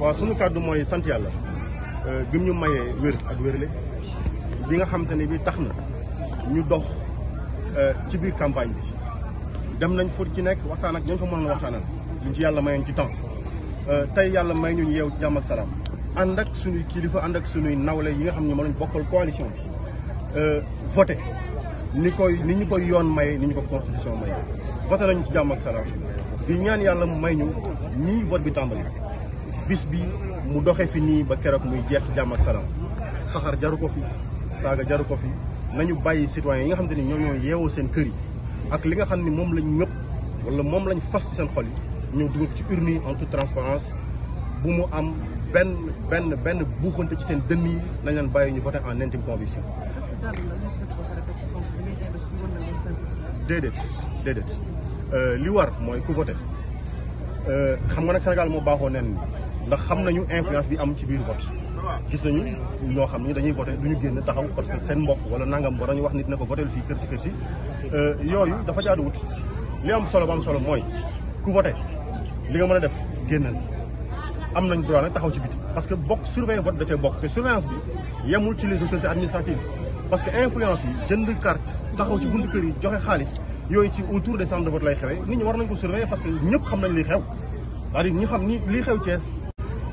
waaw suñu kàddu mooy sant yàlla euh, bi ñu mayee wér ak wérle bi nga xam te ne bi tax na ñu dox euh, ci biir campagne bi dem nañ fóot ci nekk waxtaan ak ñañ fa mënoon waxtaanal ñu ci yàlla mayoon ci temps euh, tey yàlla may ñu yeew jàmm ak salaam ànd ak sunuy kilifa ànd ak suñuy nawle yi nga xam ne ma lañ bokkal coalition bi voté ni koy ni ñu ko yoon maye ni ñu ko constitution maye voté nañu ci jàmm ak salaam di ñaan yàlla may ñu nii vote bi tàmbali bis bi mu doxé fi ni ba kérok muy jeex ci ak salam xaxar jaru ko fi saga jaru ko fi nañu bayyi citoyen yi nga xamanteni ñoo ñoo yéwo seen kër yi ak li nga xamni mom lañ ñëpp wala mom lañ fas seen xol yi dugg ci urne en toute transparence bu mu am ben ben ben buuxante ci seen demi, yi nañ lan bayyi ñu voter en intime conviction dedet euh li war moy ku euh xam nga nak senegal mo baxo nen ndax xam nañu influence bi am ci biir vote gis nañu ñoo xam ni dañuy voté du ñu génn taxaw parce que seen mbokk wala nangam war nañu wax nit ne ko votel fii kër ci kër si euh, yooyu dafa jaaduwut li am solo ba am solo mooy ku voté li nga mën a def génnal am nañ droit nag taxaw ci biti parce que bokk surveiller vote da cee bokk te surveillance bi yemul ci les autorités administratives parce que influence yi jënd carte taxaw ci buntu kër yi joxe xaalis yooyu ci autour des de vote lay xewee nit ñi war nañ ko surveiller parce ñëpp xam nañ liy xew cest xam ni liy xew Thiès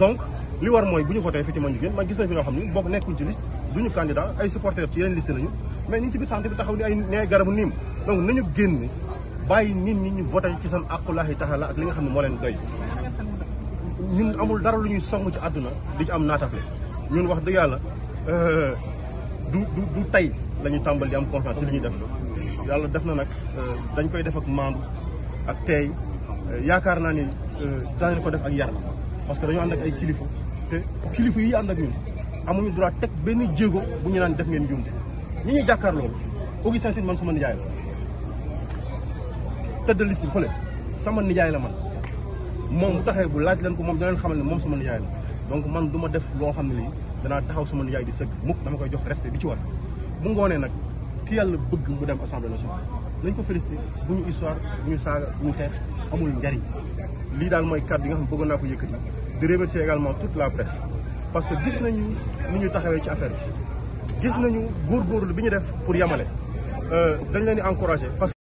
donc li war mooy bu ñu voté effectivement ñu génn man gis nañ fi ñoo xam ni bokk nekkul ci liste duñu candidat ay supporters ci yeneen liste lañu mais ñu ngi ci biir santé bi taxaw ni ay nee garabu niim donc nañu génn bàyyi nit ñi ñu voté ci seen aqulaahi taala ak li nga xam ne moo leen doy ñun amul dara lu ñuy song ci àdduna di ci am naatafle ñun wax dëgg yàlla euh, du du tey lañuy tàmbali di am confiance ci li ñuy def yàlla def na nag euh, dañ koy def ak maandu ak teey euh, yaakaar naa ni daañu ko def ak yar parce que dañoo ànd ak ay kilifa te kilifa yi ànd ak ñun amuñu droit teg benn jéego bu ñu naan def ngeen njuumte ñi ñuy jàkkaar loolu Augustin Tine man suma nijaay la tëdd liste bi sama nijaay la man moom bu taxee bu laaj leen ko moom dina leen xamal ne moom sama nijaay la donc man duma def loo xam ne lii danaa taxaw sama nijaay di sëgg mukk dama koy jox respect bi ci war bu ngoonee nag ki yàlla bëgg mu dem assemblée nationale nañ ko félicité bu ñu histoire bu ñu saaga bu ñu xeex amul njariñ lii daal mooy cadre di nga xam bëggoon naa ko yëkkati di remercier également toute la presse parce que gis nañu ni ñu taxawee ci affaire bi gis góor góorgóorlu bi ñu def pour yamale euh, dañ leen di